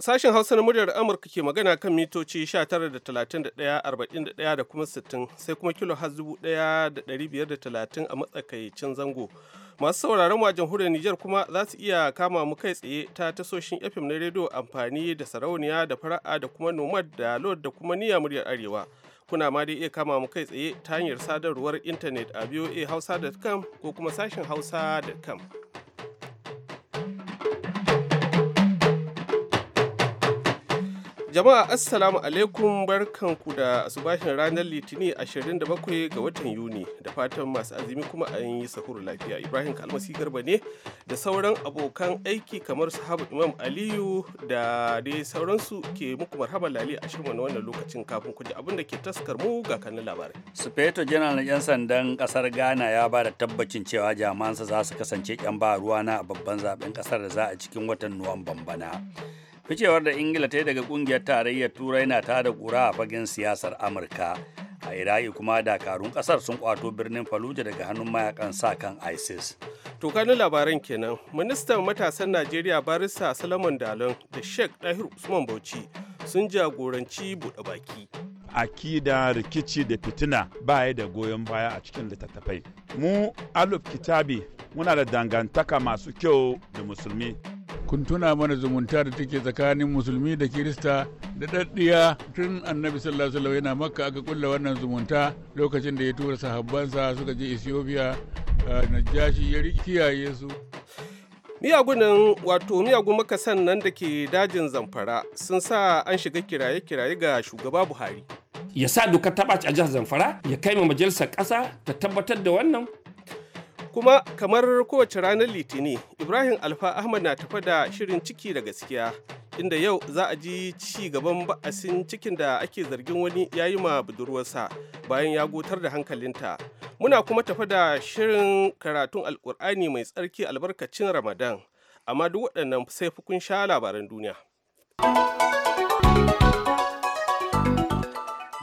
sashen Hausa na muryar Amurka ke magana kan mitoci 19.31.41 da kuma 60 sai kuma kilo har 1,530 a matsakaicin zango. Masu sauraron wajen hura Nijar kuma za su iya kama mu kai tsaye ta tasoshin FM na rediyo amfani da sarauniya da fara'a da kuma nomad da lord da kuma niya muryar arewa. Kuna ma dai iya kama mu kai tsaye ta hanyar sadarwar intanet a voahausa.com ko kuma sashen hausa.com. Jama'a Assalamu alaikum barkanku da subashin ranar Litinin 27 ga watan Yuni da fatan masu azumi kuma an yi sahuru lafiya. Ibrahim Kalmasi Garba ne da sauran abokan aiki kamar sahabu Imam Aliyu da dai sauransu ke muku marhaba lali a shirin wannan lokacin kafin ku ji abin da ke taskar mu ga kanin labarai. Sufeto General na 'yan sandan kasar Ghana ya ba da tabbacin cewa jamansa za su kasance 'yan ba ruwa na babban zaben kasar da za a cikin watan Nuwamban bana. ficewar da ingila ta daga kungiyar tarayyar turai na tada da kura a fagen siyasar amurka a iraki kuma dakarun kasar sun kwato birnin faluja daga hannun mayakan sa kan isis tokanin kanin labaran kenan ministan matasan najeriya barista salaman dalon da sheikh dahir usman bauchi sun jagoranci buɗe baki akida rikici da fitina ba ya da goyon baya a cikin littattafai mu aluf kitabi muna da dangantaka masu kyau da musulmi kun tuna mana zumunta da take tsakanin musulmi da kirista da daddiya tun annabi sallallahu alaihi yana makka aka kulla wannan zumunta lokacin da ya tura sahabbansa suka je ethiopia najashi ya kiyaye su miyagunan wato miyagun makasan nan da ke dajin zamfara sun sa an shiga kiraye-kiraye ga shugaba buhari ya sa dokar ta a jihar zamfara ya kai ma majalisar ƙasa ta tabbatar da wannan Kuma kamar kowace ranar Litini, Ibrahim Alfa Ahmad na tafa da shirin ciki da gaskiya, inda yau za a ji ci gaban ba'asin cikin da ake zargin wani ya yi ma budurwarsa bayan ya gotar da hankalinta. Muna kuma tafa da shirin karatun alkur'ani mai tsarki albarkacin Ramadan, amma duk waɗannan sai kun sha labaran duniya.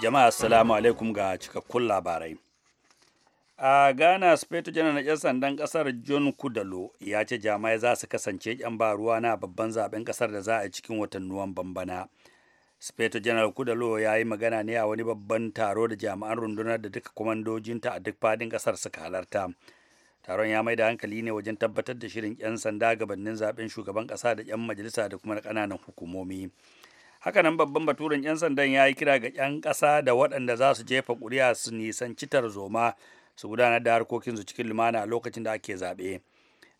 Jama'a, Assalamu alaikum ga cikakkun labarai. a ghana speto janar na 'yan sandan kasar john kudalo ya ce jami'ai za su kasance 'yan baruwa na babban zaben kasar da za a yi cikin watan nuwan bana speto janar kudalo ya yi magana ne a wani babban taro da jami'an rundunar da duka kwamandojinta a duk fadin kasar suka halarta taron ya mai da hankali ne wajen tabbatar da shirin 'yan sanda gabanin zaben shugaban kasa da 'yan majalisa da kuma kananan hukumomi hakanan babban baturen 'yan sandan ya yi kira ga 'yan kasa da waɗanda za su jefa kuri'a su nisanci tarzoma su gudanar da harkokinsu cikin lumana a lokacin da ake zaɓe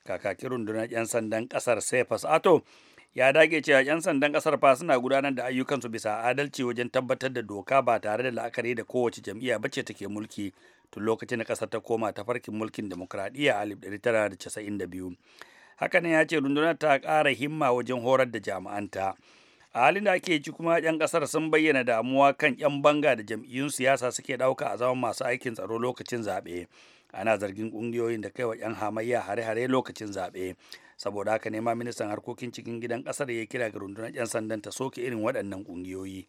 kakakin rundunar 'yan sandan ƙasar sefas ato ya dage cewa 'yan sandan ƙasar fa suna gudanar da ayyukansu bisa adalci wajen tabbatar da doka ba tare da la'akari da kowace jam'iyya bace take mulki tun lokacin da ƙasar ta koma ta farkin mulkin demokradiyya a 1992 hakanan ya ce rundunar ta kara himma wajen horar da jami'anta a halin da ake ci kuma 'yan kasar sun bayyana damuwa kan 'yan banga da jam'iyyun siyasa suke ɗauka a zaman masu aikin tsaro lokacin zaɓe ana zargin ƙungiyoyin da kaiwa 'yan hamayya hare-hare lokacin zaɓe saboda haka ne ma ministan harkokin cikin gidan kasar ya kira ga rundunar 'yan sandan ta soke irin waɗannan ƙungiyoyi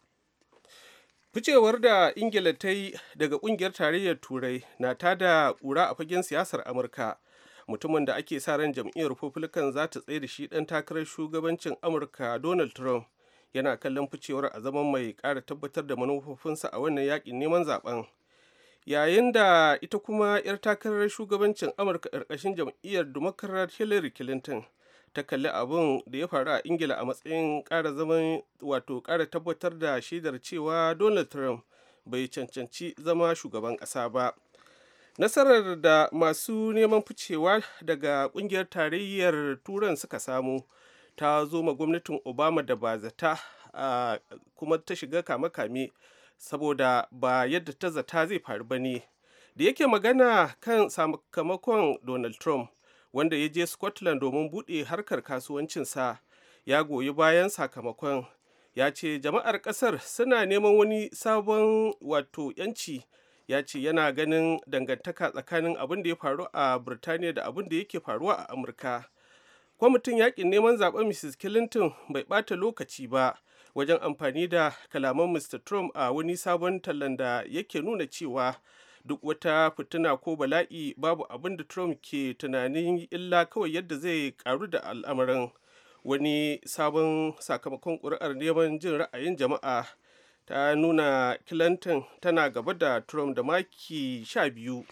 ficewar da ingila ta yi daga ƙungiyar tarayyar turai na tada ƙura a fagen siyasar amurka mutumin da ake sa ran jam'iyyar republican za ta tsaye da shi dan takarar shugabancin amurka donald trump yana kallon ficewar a zaman mai ƙara tabbatar da manufofinsa a wannan yakin neman zaben yayin da ita kuma 'yar takarar shugabancin amurka ƙarƙashin jam'iyyar democrat hillary clinton ta kalli abin da ya faru a ingila a matsayin ƙara zaman wato ƙara tabbatar da shaidar cewa donald trump bai cancanci zama shugaban ƙasa ba nasarar da masu neman ficewa daga ƙungiyar tarayyar turan suka samu ta zo ma gwamnatin obama da ba zata kuma ta shiga kame-kame saboda ba yadda ta zata zai faru ba ne da yake magana kan sakamakon donald trump wanda ya je scotland domin buɗe harkar kasuwancinsa ya goyi bayan sakamakon ya ce jama'ar ƙasar suna neman wani sabon wato 'yanci ya ce yana ganin dangantaka tsakanin abin da ya faru a birtaniya da abin da yake faruwa a amurka kwamitin yakin neman zaɓen mrs clinton bai ɓata lokaci ba wajen amfani da kalaman mr trump a wani sabon tallan da yake nuna cewa duk wata fituna ko bala'i babu abin da trump ke tunanin illa kawai yadda zai karu da al'amarin wani sabon sakamakon ƙuri'ar neman jin ra'ayin jama'a ta nuna clinton tana gaba da trump da maki sha biyu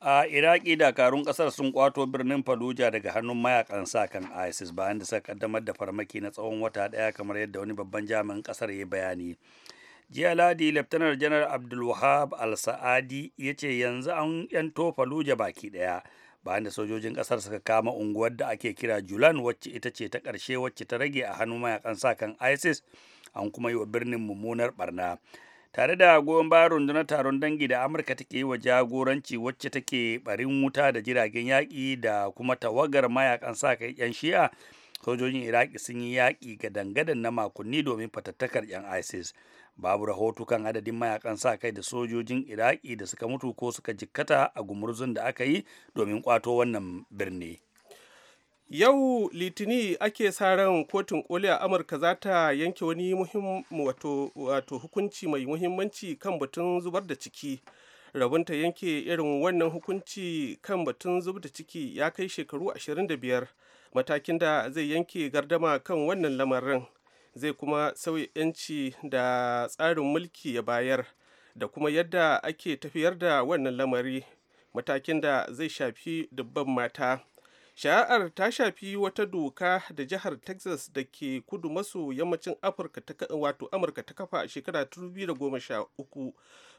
a iraki dakarun kasar sun kwato birnin faluja daga hannun mayakan sa kan isis bayan da suka kaddamar da farmaki na tsawon wata daya kamar yadda wani babban jami'in kasar ya bayani jiya ladi laftanar janar abdulwahab al-sa'adi ya ce yanzu an yanto faluja baki daya bayan da sojojin kasar suka kama unguwar da ake kira julan wacce ita ce ta karshe wacce ta rage a hannun mayakan sa kan isis an kuma yi wa birnin mummunar barna tare da goyon bayan rundunar taron dangi da amurka take yi wa jagoranci wacce take barin wuta da jiragen yaƙi da kuma tawagar mayakan sa kai 'yan shi'a sojojin iraki sun yi yaƙi ga dangadan na makunni domin fatattakar 'yan isis babu rahoto kan adadin mayakan sa kai da sojojin iraki da suka mutu ko suka jikkata a gumurzun da aka yi domin kwato wannan birni yau litini ake sa ran kotun koli a amurka za ta yanke wani wato hukunci mai muhimmanci kan batun zubar da ciki rabinta yanke irin wannan hukunci kan batun zubar da ciki ya kai shekaru 25 matakin da zai yanke gardama kan wannan lamarin zai kuma sauya 'yanci da tsarin mulki ya bayar da kuma yadda ake tafiyar da wannan lamari matakin da zai shafi dubban mata shari'ar ta shafi wata doka da jihar texas da ke kudu maso yammacin ta wato amurka ta kafa a shekara 2013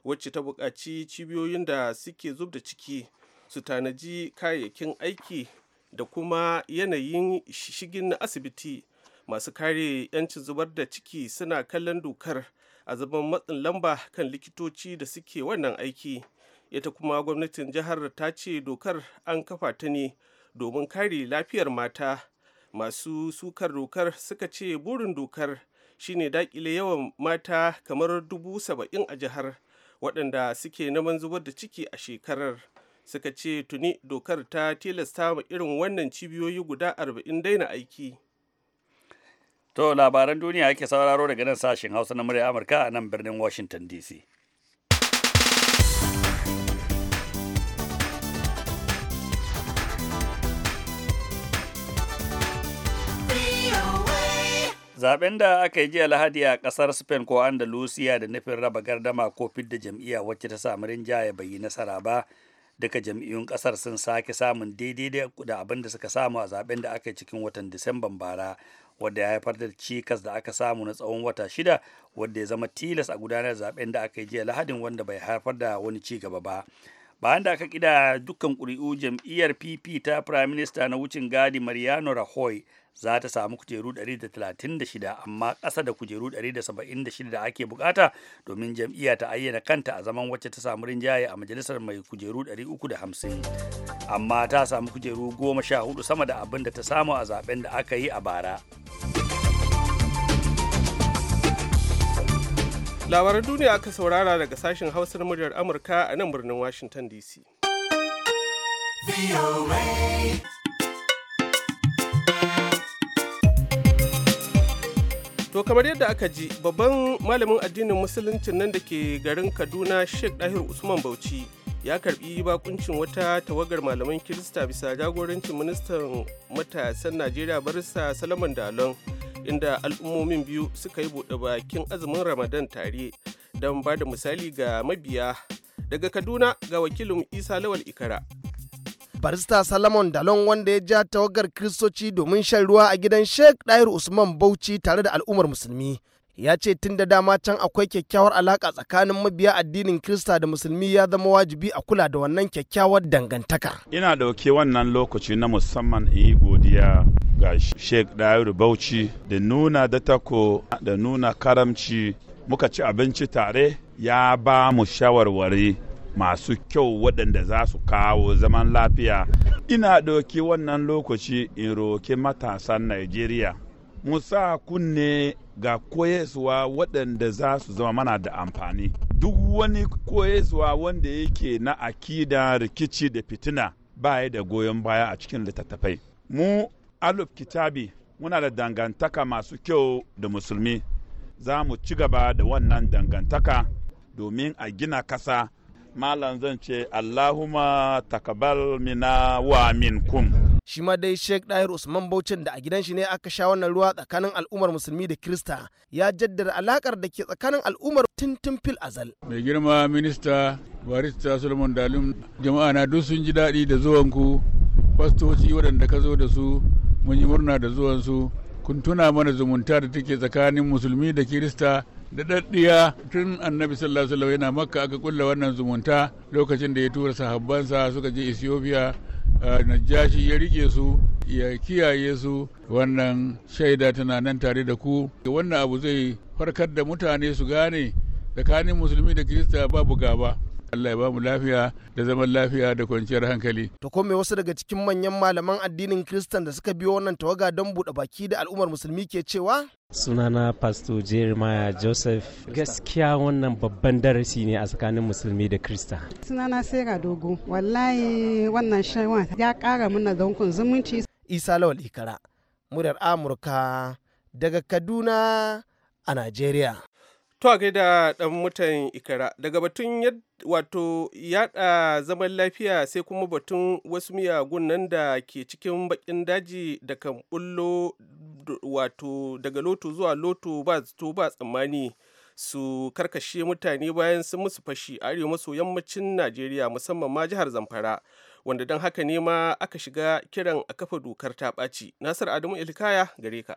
wacce ta buƙaci cibiyoyin da suke zub da ciki su tanaji kayayyakin aiki da kuma yanayin shigin na asibiti masu kare 'yancin zubar da ciki suna kallon dokar a zaman matsin lamba kan likitoci da suke wannan aiki ita kuma gwamnatin jihar ta ce dokar an kafa ta ne domin kare lafiyar mata masu sukar dokar suka ce burin dokar shine dakile yawan mata kamar dubu saba'in a jihar waɗanda suke naman zubar da ciki a shekarar suka ce tuni dokar ta tilasta ma irin wannan cibiyoyi guda arba'in daina aiki to labaran duniya ake sauraro daga nan sashen hausa na murya amurka a nan birnin washington dc Zaben da aka yi jiya Lahadi a kasar Spain ko Andalusia da nufin raba gardama ko fidda jam'iyya wacce ta samu rinjaye bai yi nasara ba. Duka jam'iyyun kasar sun sake samun daidai da abin da suka samu a zaben da aka yi cikin watan Disamban bara, wadda ya haifar da cikas da aka samu na tsawon wata shida, wadda ya zama tilas a gudanar zaben da aka yi jiya Lahadin wanda bai haifar da wani ci gaba ba. bayan da aka kida dukkan ƙuri'u jam'iyyar pp ta prime minister na wucin gadi mariano rajoy za ta samu kujeru 136 amma ƙasa da kujeru 176 da ake bukata domin jam'iyya ta ayyana kanta a zaman wacce ta samu rinjaye a majalisar mai kujeru 350 amma ta samu kujeru 14 sama da abin da ta samu a zaben da aka yi a bara labaran duniya aka saurara daga sashen hausar muryar amurka a nan birnin washington dc To kamar yadda aka ji babban malamin addinin musuluncin nan da ke garin Kaduna Sheikh Dahir Usman Bauchi ya karbi bakuncin wata tawagar malaman Kirista bisa jagorancin ministan matasan Najeriya Barista Salaman Dalon inda al'ummomin biyu suka yi buɗe bakin azumin Ramadan tare don ba da misali ga mabiya daga Kaduna ga wakilin Isa Lawal Ikara barista salamon dalon wanda ya ja tawagar kiristoci domin shan ruwa a gidan sheikh dair usman bauchi tare da al'ummar musulmi ya ce tun da dama can akwai kyakkyawar alaka tsakanin mabiya addinin kirista da musulmi ya zama wajibi a kula da wannan kyakkyawar dangantaka ina dauke wannan lokaci na musamman in yi godiya ga sheikh dair bauchi da nuna da tako da nuna karamci muka ci abinci tare ya ba mu shawarwari masu kyau waɗanda za su kawo zaman lafiya ina ɗauki wannan lokaci in roki matasan najeriya mu sa kunne ga koyaswa waɗanda za su zama mana da amfani duk wani koyaswa wanda yake na akida rikici da fitina baya da goyon baya a cikin littattafai mu aluf kitabi muna da dangantaka masu kyau da musulmi za mu ci gaba da wannan dangantaka domin a gina kasa malam zan ce allahuma takabal mina wa minkum. Shi ma dai Sheikh Dair Usman Bauchin da a gidan shi ne aka sha wannan ruwa tsakanin al'ummar musulmi da Kirista ya jaddada alakar da ke tsakanin al'ummar tuntun fil azal. Mai girma minista barista Solomon Dalim jama'a na duk sun ji daɗi da ku fastoci waɗanda ka zo da su mun yi murna da zuwansu kun tuna mana zumunta da take tsakanin musulmi da Kirista da daddiya tun annabi sallallahu alaihi wasallam yana makka aka kulla wannan zumunta lokacin da ya tura sahabbansa suka je ethiopia najashi ya rike su ya kiyaye su wannan shaida tana nan tare da ku wannan abu zai farkar da mutane su gane tsakanin musulmi da kirista babu gaba Allah ya ba mu lafiya da zaman lafiya da kwanciyar hankali. To ko me wasu daga cikin manyan malaman addinin Kristan da suka biyo wannan tawaga don buɗe baki da al'ummar musulmi ke cewa? sunana pastor jeremiah joseph gaskiya wannan babban darasi ne a tsakanin musulmi da krista sunana sera dogo wallahi wannan shaiwa ya kara mana zankun zumunci isa lawal ikara muryar amurka daga kaduna a Najeriya. To a gaida ɗan mutan Ikara daga batun wato yada zaman lafiya sai kuma batun wasu miyagun nan da ke cikin bakin daji da kan bullo wato daga loto zuwa loto ba zato ba tsammani su karkashe mutane bayan sun musu fashi a arewa maso yammacin Najeriya musamman ma jihar Zamfara wanda don haka ne ma aka shiga kiran a kafa dokar ta ɓaci. Nasir Adamu Ilkaya gare ka.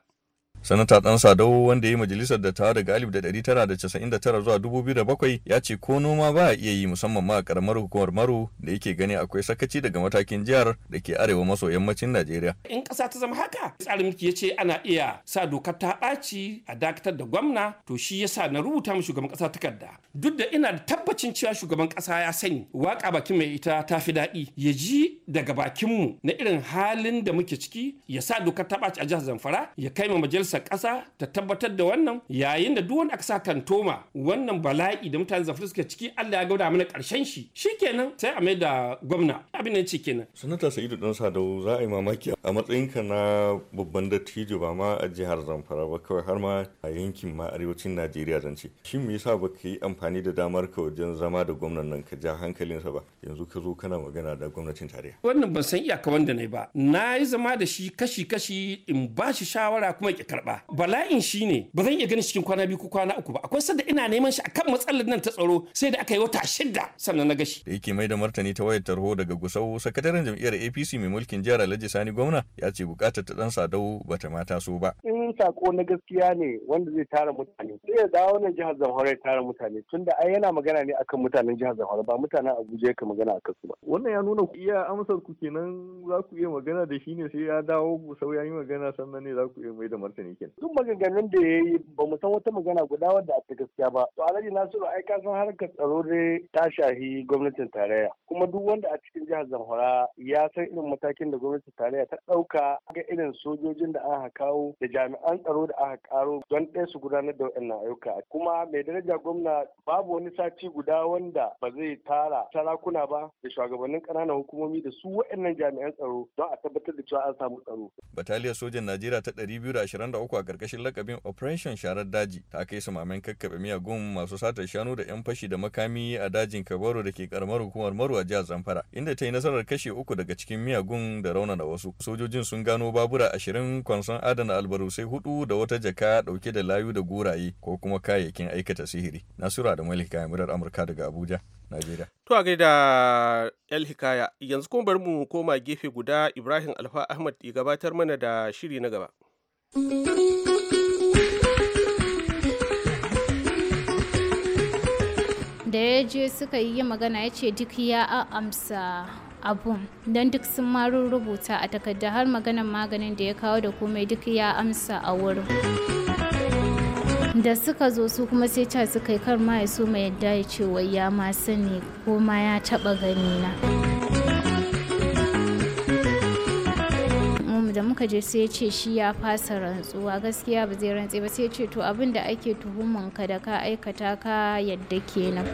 sanata dan sadau wanda ya majalisar da ta daga 1999 zuwa 2007 ya ce ko noma ba iya yi musamman ma a karamar hukumar maru da yake gani akwai sakaci daga matakin jihar da ke arewa maso yammacin najeriya in kasa ta zama haka tsarin mulki ya ce ana iya sa dokar ta ɓaci a dakatar da gwamna to shi yasa na rubuta mu shugaban ƙasa takarda duk da ina da tabbacin cewa shugaban ƙasa ya sani waka bakin mai ita ta fi daɗi ya ji daga bakinmu na irin halin da muke ciki ya sa dokar ta ɓaci a jihar zamfara ya kai ma majalisa majalisar ƙasa ta tabbatar da wannan yayin da duk wanda aka sa toma. wannan bala'i da mutane zafi suke ciki Allah ya gauda mana ƙarshen shi kenan sai a mai da gwamna abin nan ce kenan sanata sa'idu dan sadau za a yi mamaki a matsayinka na babban dattijo ba ma a jihar zamfara ba kawai har ma a yankin ma arewacin najeriya zan ce shin me yasa baka yi amfani da damar ka wajen zama da gwamnan nan ka ja hankalinsa ba yanzu ka zo kana magana da gwamnatin tarayya wannan ban san iyaka wanda ne ba na yi zama da shi kashi kashi in ba shi shawara kuma ki karba bala'in shine ba zan iya ganin cikin kwana biyu ko kwana uku ba akwai sanda ina neman shi akan matsalar nan ta tsaro sai da aka yi wata shida sannan na gashi da yake mai da martani ta wayar tarho daga gusau sakataren jam'iyyar APC mai mulkin jihar Alhaji Sani gwamna ya ce bukatar ta dan sadau ba ta mata so ba in sako na gaskiya ne wanda zai tara mutane sai ya dawo nan jihar Zamfara ya tara mutane tunda ai yana magana ne akan mutanen jihar Zamfara ba mutanen Abuja yaka magana akan su ba wannan ya nuna iya amsar ku kenan za ku iya magana da shi ne sai ya dawo gusau ya yi magana sannan ne za ku iya mai da martani aikin duk maganganun da ya yi ba mu san wata magana guda wadda a ta gaskiya ba to alhaji nasiru ai ka san harkar tsaro dai ta shahi gwamnatin tarayya kuma duk wanda a cikin jihar zamfara ya san irin matakin da gwamnatin tarayya ta ɗauka ga irin sojojin da aka kawo da jami'an tsaro da aka karo don ɗaya su gudanar da wa'annan ayyuka kuma mai daraja gwamna babu wani sati guda wanda ba zai tara sarakuna ba da shugabannin ƙananan hukumomi da su wa'annan jami'an tsaro don a tabbatar da cewa an samu tsaro. Bataliyar sojan Najeriya ta 220 23 a ƙarƙashin lakabin Operation Sharar Daji ta kai su mamen kakkaɓe miyagun masu sata shanu da 'yan fashi da makami a dajin Kabaro da ke karamar hukumar Maru a jihar Zamfara inda ta yi nasarar kashe uku daga cikin miyagun da raunana wasu. Sojojin sun gano babura ashirin kwanson adana albarusai hudu da wata jaka dauke da layu da guraye ko kuma kayayyakin aikata sihiri. Nasura da Malika Murar Amurka daga Abuja. Najeriya. To a gaida El Hikaya, yanzu kuma bari mu koma gefe guda Ibrahim Alfa Ahmad ya gabatar mana da shiri na gaba. da ya je suka yi magana ya ce duk ya amsa abun don duk sun marun rubuta a takarda har maganan maganin da ya kawo da komai duk ya amsa a wurin da suka zo su kuma sai ca suka yi kar ma ya so mai yadda ya ce wai ya ma sani ko ma ya taba gani na. muka je sai ce shi ya fasa rantsuwa gaskiya ba zai rantse ba sai ya ce to abin da ake ka da ka aikata ka yadda kenan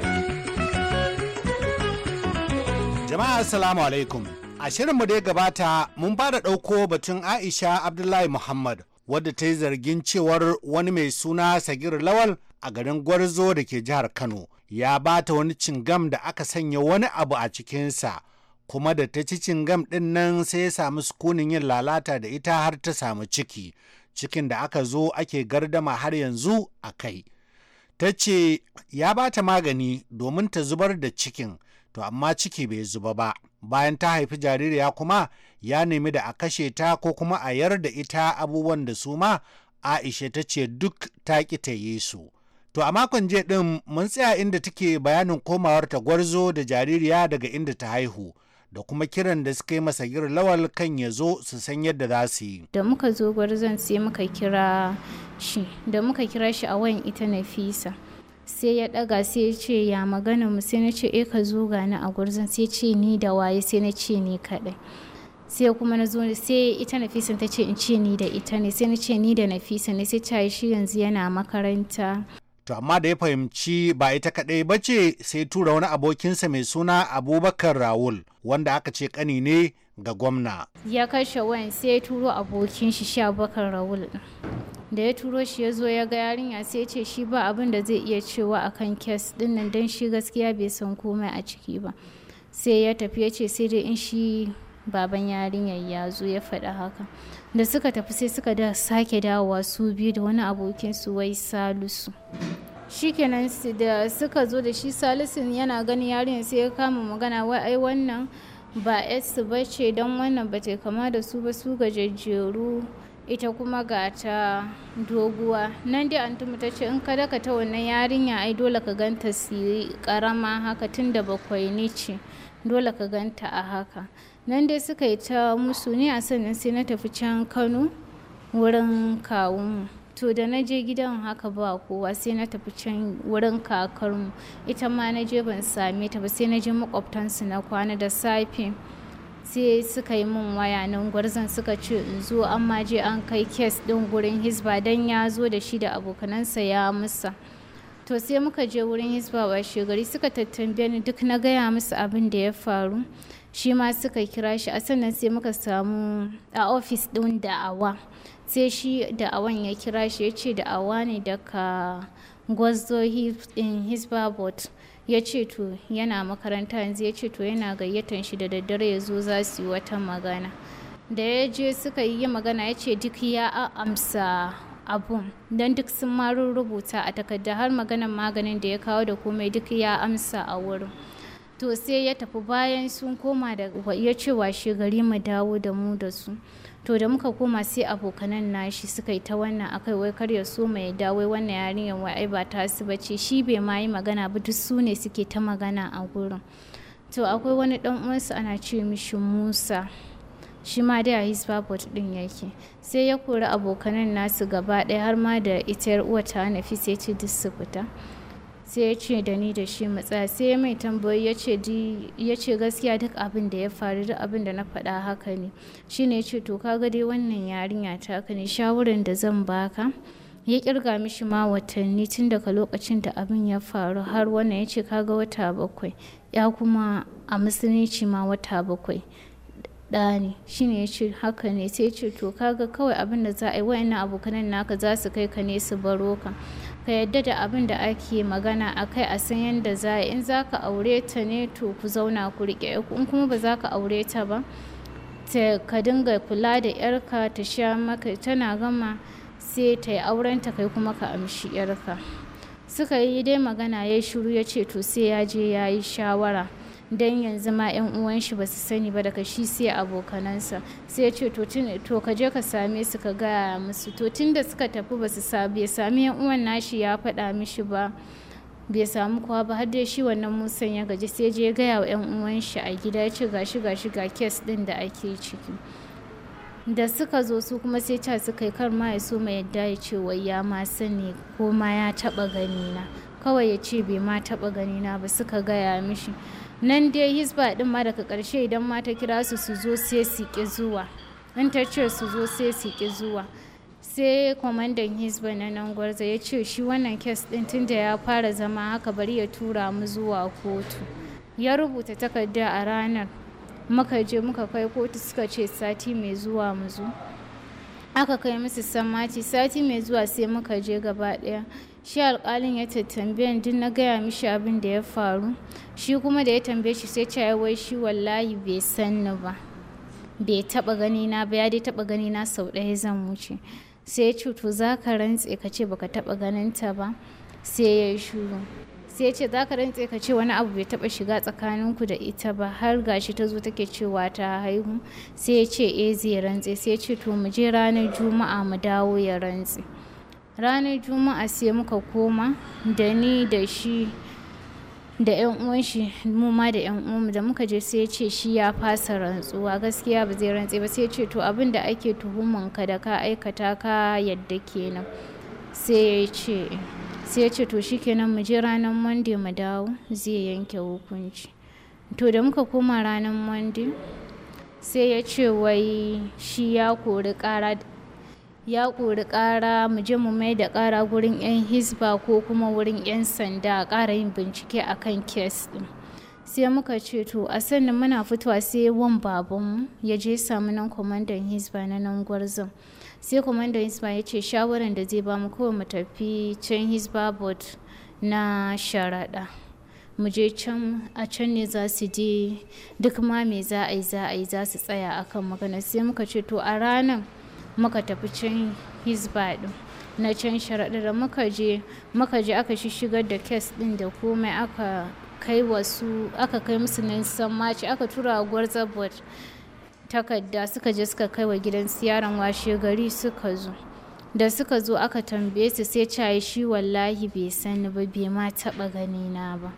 jama'a assalamu alaikum a mu da ya gabata mun ba da ɗauko batun aisha abdullahi muhammad wadda ta yi zargin cewar wani mai suna sagir lawal a garin gwarzo da ke jihar kano ya bata wani cingam da aka sanya wani abu a cikinsa kuma da ta cicin gam ɗin nan sai ya samu sukunin yin lalata da ita har ta samu ciki cikin da aka zo ake gardama har yanzu a kai ta ce ya ba ta magani domin ta zubar da cikin to amma ciki bai zuba ba bayan ta haifi jaririya kuma ya nemi da a kashe ta ko kuma a yar da ita abubuwan da su ma aisha ta ce duk ta ki ta yi su to a makon jiya ɗin mun tsaya inda take bayanin komawar ta gwarzo da jaririya daga inda ta haihu da kuma kiran da suka yi masa lawal kan ya zo su san yadda za su yi. Da muka zo gwarzon sai muka kira shi, da muka kira shi a wayan ita Nafisa. sai ya daga sai ya ce ya magana mu sai na ce e ka zo gani a gurzon sai ce ni da waye sai na ce ni kadai sai kuma na zo sai ita nafisa ta ce in ce ni da ita ne sai na ce ni da nafisa ne sai ta shi yanzu yana makaranta To amma da ya fahimci ba ita kaɗai ba ce sai tura wani abokinsa mai suna Abubakar Rawul wanda aka ce ƙani ne ga gwamna. Ya kashe wayan sai ya turo abokin shi shi Abubakar Rawul. Da ya turo shi ya zo ya ga yarinya sai ya ce shi ba abin da zai iya cewa akan kes din nan don shi gaskiya bai san komai a ciki ba. Sai ya tafi ya ce sai dai in shi baban yarinyar ya zo ya faɗa haka. da suka tafi sai suka da sake dawowa su biyu da wani abokin su wai salisu shikenan da suka zo da shi salisun yana gani yarinyar sai ya kama magana wai ai wannan ba su ba ce don wannan ba ta kama da su ba su gajejjeru ita kuma ga ta doguwa nan dai tumu ta ce in ka daka ta wannan yarinya ai dole ka ganta su karama haka tun da bakwai ni ce dole ka ganta a haka nan dai suka yi ta musu ne a sannan sai na tafi can kano wurin kawunmu to da na je gidan haka ba kowa sai na tafi can wurin kakarmu ita ma na je ban same ta ba sai na je makwabtansu na kwana da safe sai suka yi min waya nan gwarzon suka ce in zo an ma je an kai kes din gurin hisba don ya zo da shi da abokanansa ya musa to sai muka je wurin hisba washe gari suka tattambe ni duk na gaya musu abin da ya faru shi ma suka kira shi a sannan sai muka samu a ofis ɗin da'awa sai shi da'awan ya kira shi ya ce da'awa ne daga gwazo hisba bot ya ce to yana makaranta yanzu ya ce to yana gayyatan shi da daddare ya zo za su yi wata magana da ya je suka yi magana ya ce duk ya amsa abun don duk sun marun rubuta a takarda har maganan maganin da ya kawo da komai duk ya amsa a wurin to sai ya tafi bayan sun koma da ya ce washe gari mu dawo da mu da su to da muka koma sai abokanan nashi suka yi ta wannan akai wai kar ya so mai dawo wannan yarinyar wai ai ba ta su bace shi bai ma yi magana ba duk su ne suke ta magana a gurin to akwai wani dan uwansu ana ce mishi Musa shi ma dai a his passport din yake sai ya kori abokanan nasu gaba ɗaya har ma da ita yar uwa ta nafi sai ce duk fita sai ya ce da ni da shi matsa sai ya mai tambayi ya ce gaskiya duk abin da ya faru duk abin da na faɗa haka ne shi ne ya ce to ka dai wannan yarinya ta haka ne shawarar da zan baka ya kirga mishi ma watanni tun daga lokacin da abin ya faru har wannan ya ce kaga wata bakwai ya kuma a musulunci ma wata bakwai ɗani ne ya ce haka ne sai ce to kaga kawai abin da za a yi wa'annan abokanan naka za su kai ka ne su baro ka ka yadda da abin da ake magana a kai a san yadda za a in za ka aure ta ne to ku zauna ku riƙe in kuma ba za ka aure ta ba ka dinga kula da yarka ta sha maka tana gama sai ta yi aurenta kai kuma ka amshi yarka suka yi dai magana ya shiru ya ce to sai ya je ya yi shawara dan yanzu ma yan uwan shi ba su sani ba daga shi sai abokanansa sai ya ce to ka je ka same su ka gaya musu to tun da suka tafi ba su bai sami yan uwan nashi ya faɗa mishi ba bai samu kowa ba har dai shi wannan musan ya gaji sai je gaya wa yan uwan shi a gida ya ce gashi gashi ga kes din da ake ciki da suka zo su kuma sai ta suka yi kar ma ya so ma yadda ya ce wai ya ma sani ko ma ya taba ganina kawai ya ce bai ma taba ganina ba suka gaya mishi nan dai hisba din ma daga karshe idan mata kira su su zo sai su zuwa in ta ce su zo sai su zuwa sai kwamandan hisba na nan gwarza ya ce shi wannan kes din tunda ya fara zama haka bari ya tura mu zuwa kotu ya rubuta takarda a ranar muka je muka kai kotu suka ce sati mai zuwa mu zo aka kai musu sammaci sati mai zuwa sai muka je gaba ɗaya shi alkalin ya tattambiyan duk na gaya mishi abin da ya faru shi kuma da ya tambaye shi sai ce wai shi wallahi bai ni ba bai taɓa gani na ba ya dai taba gani na sau ɗaya zan wuce sai ya ce to za ka rantse ka ce baka taba ganin ta ba sai ya yi shuru sai ya ce za ka rantse ka ce wani abu bai taba shiga tsakanin ku da ita ba har gashi ta zo take cewa ta haihu sai ya ce eh zai rantse sai ya ce to mu je ranar juma'a mu dawo ya rantse ranar juma'a sai muka koma da ni da shi da yan uwan shi mu ma da yan uwan da muka je sai ya ce shi ya fasa rantsuwa gaskiya ba zai rantse ba sai ya ce to abin da ake tuhumanka da ka aikata ka yadda kenan sai ya ce sai ya ce to shikenan mu je ranar monday mu dawo zai yanke hukunci to da muka koma ranar monday sai ya ce wai shi ya kori kara ya kori kara mu je mu mai da kara wurin 'yan hisba ko kuma wurin 'yan sanda a kara yin bincike a kan kes din sai muka ce to a sannan muna fitowa sai wan babanmu ya je samu nan kwamandan hisba na nan gwarzon sai kwamandan isma ya ce shawaran da zai ba mu kawai mu tafi can hisba board na sharaɗa mu je can a can ne za su je duk ma me za a yi za a yi za su tsaya a kan magana sai muka ce to a ranar muka tafi can hisba na can sharaɗa da muka je muka je aka shigar da kes ɗin da komai aka kai wasu aka kai musu nisan maci aka tura gwarzabot takarda suka je suka kai wa gidan yaron washe gari suka zo da suka zo aka tambaye su sai cayi shi wallahi bai sani ba bai ma taba gani na ba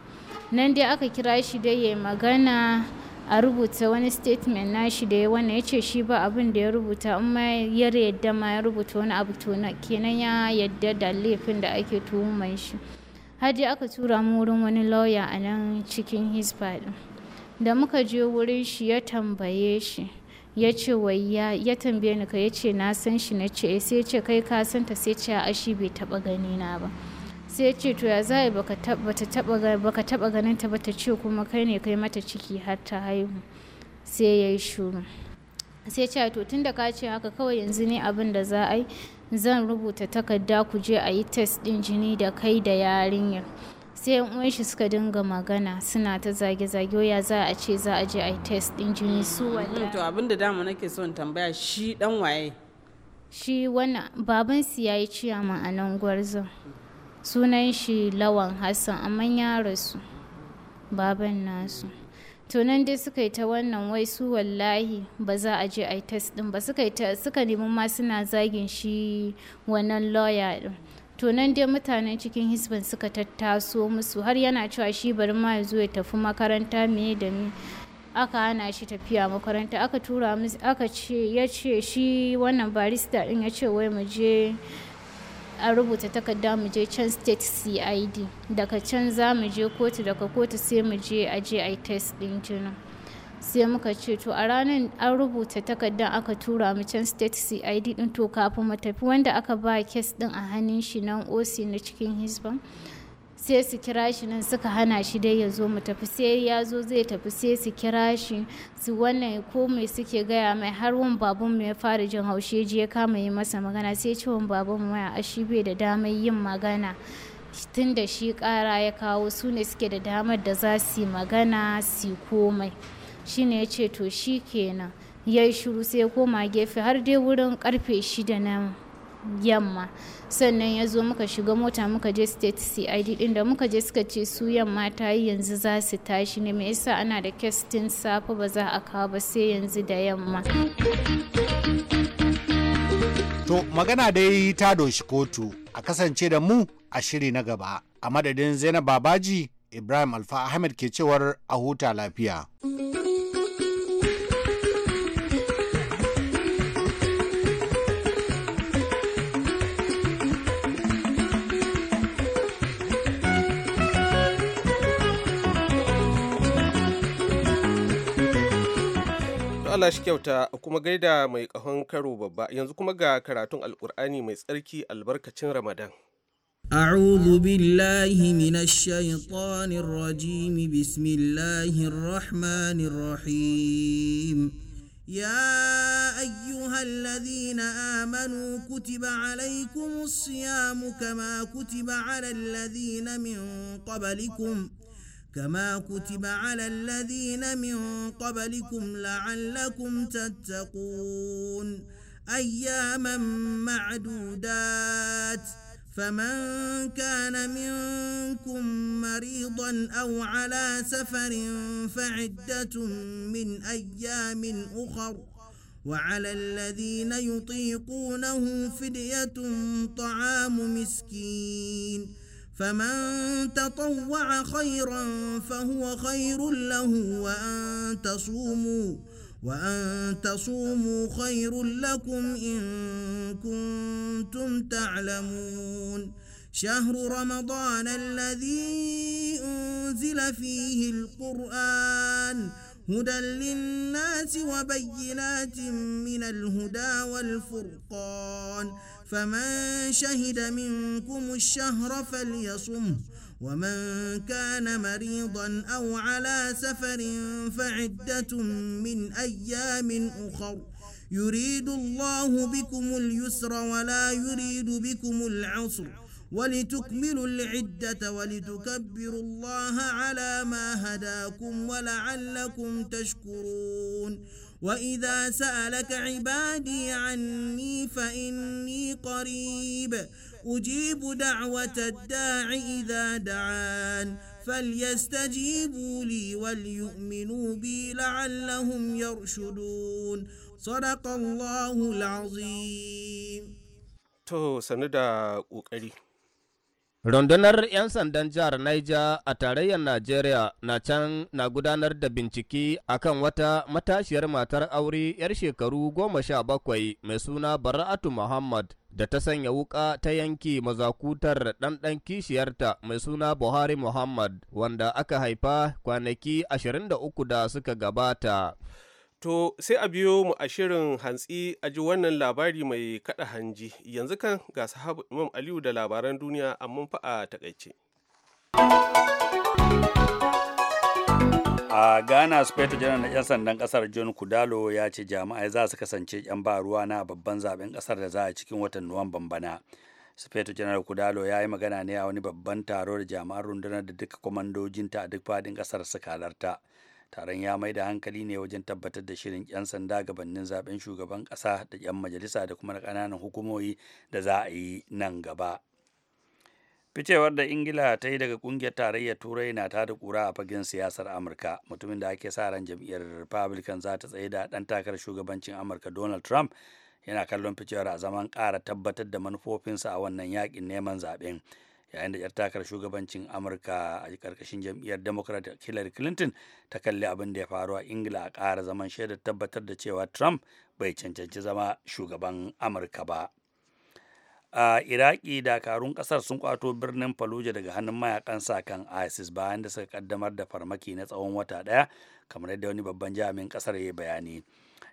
nan dai aka kira shi dai ya magana a rubuta wani statement na shi da ya wannan ya ce shi ba abin da ya rubuta in ma ya yadda ma ya rubuta wani abu to kenan ya yadda da laifin da ake tuhuman shi dai aka tura mu wurin wani lauya a nan cikin hisba da muka je wurin shi ya tambaye shi ya ce wai ya tambaye ni ka ya ce na san shi na ce eh, sai ya ce kai ka san ta sai ce a shi bai taba gani na ba sai ce to ya za baka taba ganin ta ba ta ce kuma kai ne kai mata ciki har ta haihu sai ya yi shuru sai ce to tun da ka ce haka kawai yanzu ne abin da za a yi zan rubuta takarda ku je a yi test din jini da kai da yarinyar sai yan uwan shi suka dinga magana suna ta zage-zage ya za a ce za a je a test din jini su mm-hmm. wanda to abin da dama nake son tambaya shi dan waye shi wannan baban su yayi ma a nan gwarzo sunan shi lawan hassan amma ya rasu baban nasu to nan dai suka yi ta wannan wai su wallahi ba za a je a yi test din ba suka yi ta suka nemi ma suna zagin shi wannan lawyer din to nan dai mutanen cikin hisban suka tattaso musu har yana cewa shi bari ma ya zo ya tafi makaranta me da me aka hana shi tafiya makaranta aka tura musu aka ce ya ce shi wannan barista din ya ce wai mu je a rubuta takarda mu je can state cid daga can za mu je kotu daga kotu sai mu je a je a test din jinin sai muka ce to a ranar an rubuta takardar aka tura mu can state cid din to kafin mu tafi wanda aka ba kes din a hannun shi nan oc na cikin hisban sai su kira shi nan suka hana shi dai ya zo mu tafi sai ya zo zai tafi sai su kira shi su wannan ko mai suke gaya mai har wani babun mu ya fara jin haushe ji ya kama yi masa magana sai ce wani babun mu ya ashi bai da damar yin magana tun da shi kara ya kawo su ne suke da damar da za su yi magana su komai shine ya ce to shi kenan ya yi shiru sai ya koma gefe har dai wurin karfe shida na yamma sannan ya zo muka shiga mota muka je state cid din da muka je suka ce su yamma ta yi yanzu za su tashi ne me yasa ana da kestin safe ba za a kawo ba sai yanzu da yamma to magana da dai ta doshi kotu a kasance da mu a shiri na gaba a madadin zainab babaji ibrahim alfa ahmed ke cewar a huta lafiya. Allah shi kyauta kuma gaida mai kahon karo babba yanzu kuma ga karatun alkur'ani mai tsarki albarkacin Ramadan. أعوذ بالله من الشيطان الرجيم بسم الله الرحمن الرحيم يا أيها الذين آمنوا كتب عليكم الصيام كما كتب على الذين من قبلكم كما كتب على الذين من قبلكم لعلكم تتقون اياما معدودات فمن كان منكم مريضا او على سفر فعده من ايام اخر وعلى الذين يطيقونه فديه طعام مسكين فمن تطوع خيرا فهو خير له وان تصوموا وان تصوموا خير لكم ان كنتم تعلمون شهر رمضان الذي انزل فيه القران هدى للناس وبينات من الهدى والفرقان فمن شهد منكم الشهر فليصم ومن كان مريضا او على سفر فعده من ايام اخر يريد الله بكم اليسر ولا يريد بكم العسر ولتكملوا العده ولتكبروا الله على ما هداكم ولعلكم تشكرون وإذا سألك عبادي عني فإني قريب أجيب دعوة الداع إذا دعان فليستجيبوا لي وليؤمنوا بي لعلهم يرشدون صدق الله العظيم. تو سندا وقري Rundunar 'yan sandan jihar Niger a tarayyar Najeriya na can na gudanar da bincike akan wata matashiyar matar aure 'yar shekaru goma sha bakwai mai suna Bara'atu Muhammad da ta sanya wuka ta yanki mazakutar ɗanɗan kishiyarta mai suna Buhari Muhammad wanda aka haifa kwanaki 23 da suka gabata. To sai a biyo mu a shirin hantsi a ji wannan labari mai kada hanji yanzu kan ga sahabu Imam Aliyu da labaran duniya amma fa a takaice. a ghana speta janar na 'yan sandan kasar john kudalo ya ce jami'ai za su kasance 'yan ba ruwa na babban zaben ƙasar da za a cikin watan nuwamban bana speta janar kudalo ya yi magana ne a wani babban taro da jami'an rundunar da duka kwamandojinta a duk fadin ƙasar suka halarta taron ya mai da hankali ne wajen tabbatar da shirin 'yan sanda gabanin zaben shugaban ƙasa da 'yan majalisa da kuma ƙananan hukumomi da za a yi nan gaba ficewar da ingila ta yi daga kungiyar tarayyar turai na ta da kura a fagen siyasar amurka mutumin da ake sa ran jam'iyyar republican za ta tsaye da ɗan takarar shugabancin amurka donald trump yana kallon ficewar a zaman ƙara tabbatar da manufofinsa a wannan yakin neman zaɓen yayin da yar takarar shugabancin amurka a karkashin jam'iyyar democrat hillary clinton ta kalli abin da ya faru a ingila a ƙara zaman shaidar tabbatar da cewa trump bai cancanci zama shugaban amurka ba a iraki dakarun kasar sun kwato birnin fallujah daga hannun mayakan kan isis bayan da suka kaddamar da farmaki na tsawon wata daya kamar yadda wani babban jami'in kasar ya bayani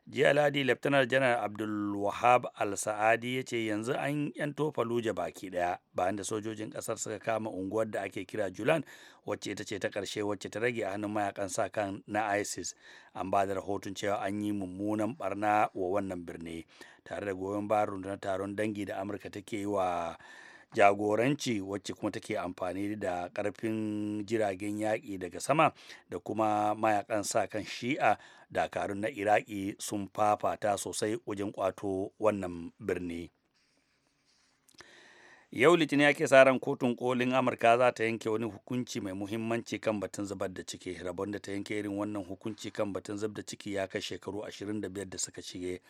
jiya ladi laftanar janar abdulwahab al-sa'adi ya ce yanzu an yan faluja baki daya bayan da sojojin kasar suka kama unguwar da ake kira julan wacce ita ce ta karshe wacce ta rage a hannun mayakan sa kan na isis an ba da rahoton cewa an yi mummunan barna wa wannan birni tare da goyon bayan rundunar taron dangi da amurka take yi wa jagoranci wacce kuma take amfani da karfin jiragen yaƙi daga sama da kuma mayakan sa kan shi'a dakarun na iraki sun fafata sosai wajen kwato wannan birni. yau litinin ya ke ran kotun kolin amurka za ta yanke wani hukunci mai muhimmanci kan batun zubar da ciki rabon da ta yanke irin wannan hukunci kan batun zubar da ciki ya kai shekaru 25 da suka shige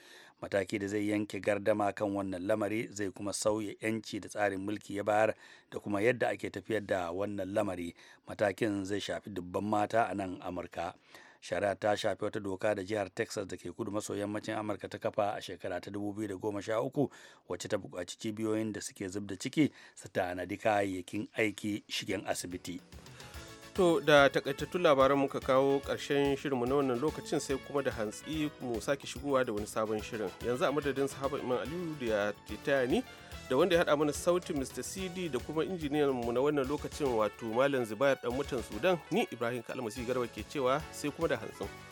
mataki da zai yanke gardama kan wannan lamari zai kuma sauya yanci da tsarin mulki ya bayar da kuma yadda ake tafiyar da wannan lamari matakin zai shafi dubban mata a nan amurka shari'a ta shafi wata doka da jihar texas da ke kudu maso yammacin amurka ta kafa a shekara ta 2013 wacce ta buƙaci cibiyoyin da suke zub da ciki su tanadi kayayyakin aiki shigen asibiti to da takaitattun labaran muka kawo ƙarshen shirinmu na wannan lokacin sai kuma da hantsi mu sake shigowa da wani sabon shirin yanzu a madadin sahaba iman aliyu da ya ta ni da wanda ya haɗa mana sautin Mr. CD da kuma injiniyan mu na wannan lokacin wato Malam Zubair dan mutan Sudan ni Ibrahim Kalmasi Garba ke cewa sai kuma da hantsin.